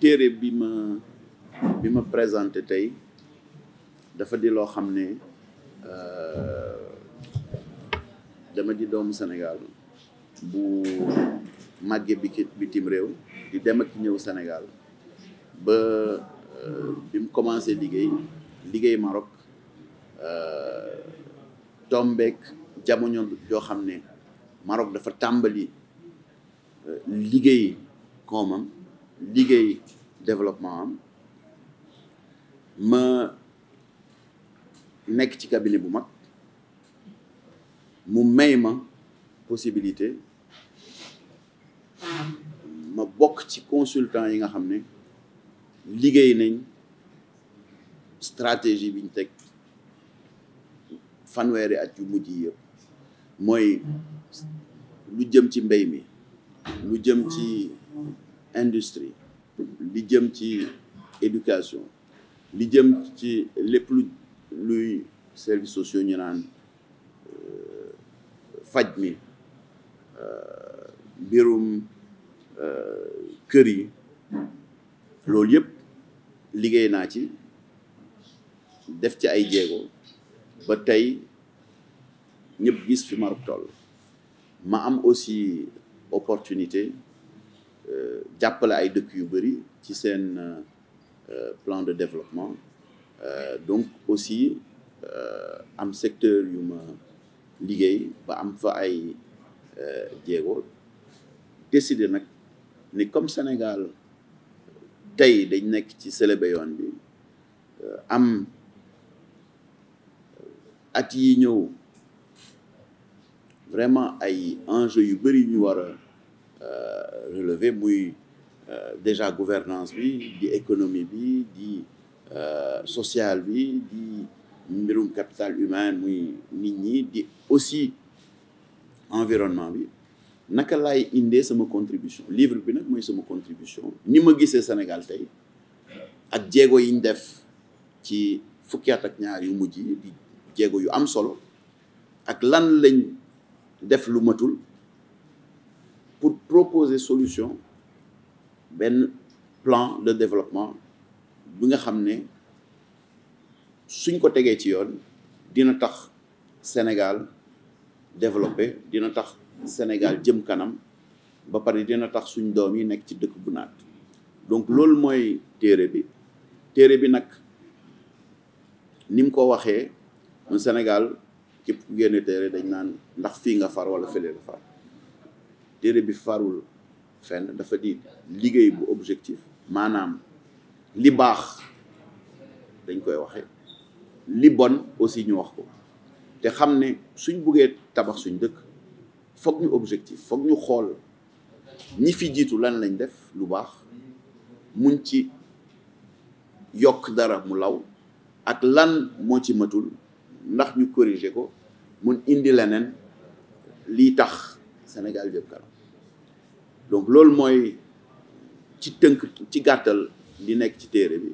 téere bi ma bi ma présenté tey dafa di loo xam ne euh, dama di doomu Sénégal bu màggee bi bitim réew di dem ak ñëw Sénégal ba euh, bi mu commencé liggéey liggéey Maroc euh, tombeek jamono joo xam ne Maroc dafa tàmbali euh, liggéey koomam liggéey développement am ma nekk ci cabinet bu mag mu may ma possibilité ma bokk ci consultant yi nga xam ne liggéey nañ stratégie biñ teg fanweeri at yu mujj yi mooy lu jëm ci mbéy mi lu jëm ci industrie li jëm ci éducation li jëm ci lépp luy services sociaux ñu naan euh, faj mi euh, mbirum euh, kër yi loolu yëpp liggéey naa ci def ci ay jéego ba tey ñëpp gis fi Maroc toll ma am aussi opportunité euh, jàppale ay dëkk yu bëri ci seen euh, plan de développement euh, donc aussi am secteur yu ma liggéey ba am fa ay jéego décider nag ni comme Sénégal tey dañ nekk ci selebe yoon bi am at yi ñëw vraiment ay enjeux yu bëri ñu war a euh, relever muy euh, déjà gouvernance bi di économie bi di euh, social bi di mbirum capital humain muy nit ñi di aussi environnement bi naka lay indee sama contribution livre bi nag mooy sama contribution ni ma gisee Sénégal tey ak jéego yi ñu def ci fukki at ak ñaar yu mujj yi di jéego yu am solo ak lan lañ def lu matul pour proposer solution benn plan de développement bi nga xam ne suñ ko tegee ci yoon dina tax Sénégal développé dina tax Sénégal jëm kanam ba pare dina tax suñ doom yi nekk ci dëkk bu naat donc loolu mooy téere bi téere bi nag ni mu ko waxee un Sénégal képp génn génne téere dañ naan ndax fii nga far wala fële nga bi farul fenn dafa di liggéey bu objectif maanaam li baax dañ koy waxee li bon aussi ñu wax ko te xam ne suñ buggee tabax suñ dëkk foog ñu objectif foog ñu xool ñi fi jiitu lan lañ def lu baax muñ ci yokk dara mu law ak lan moo ci matul ndax ñu corriger ko mun indi leneen lii tax Sénégal jëm kanam donc loolu mooy ci tënk ci gàttal li nekk ci téere bi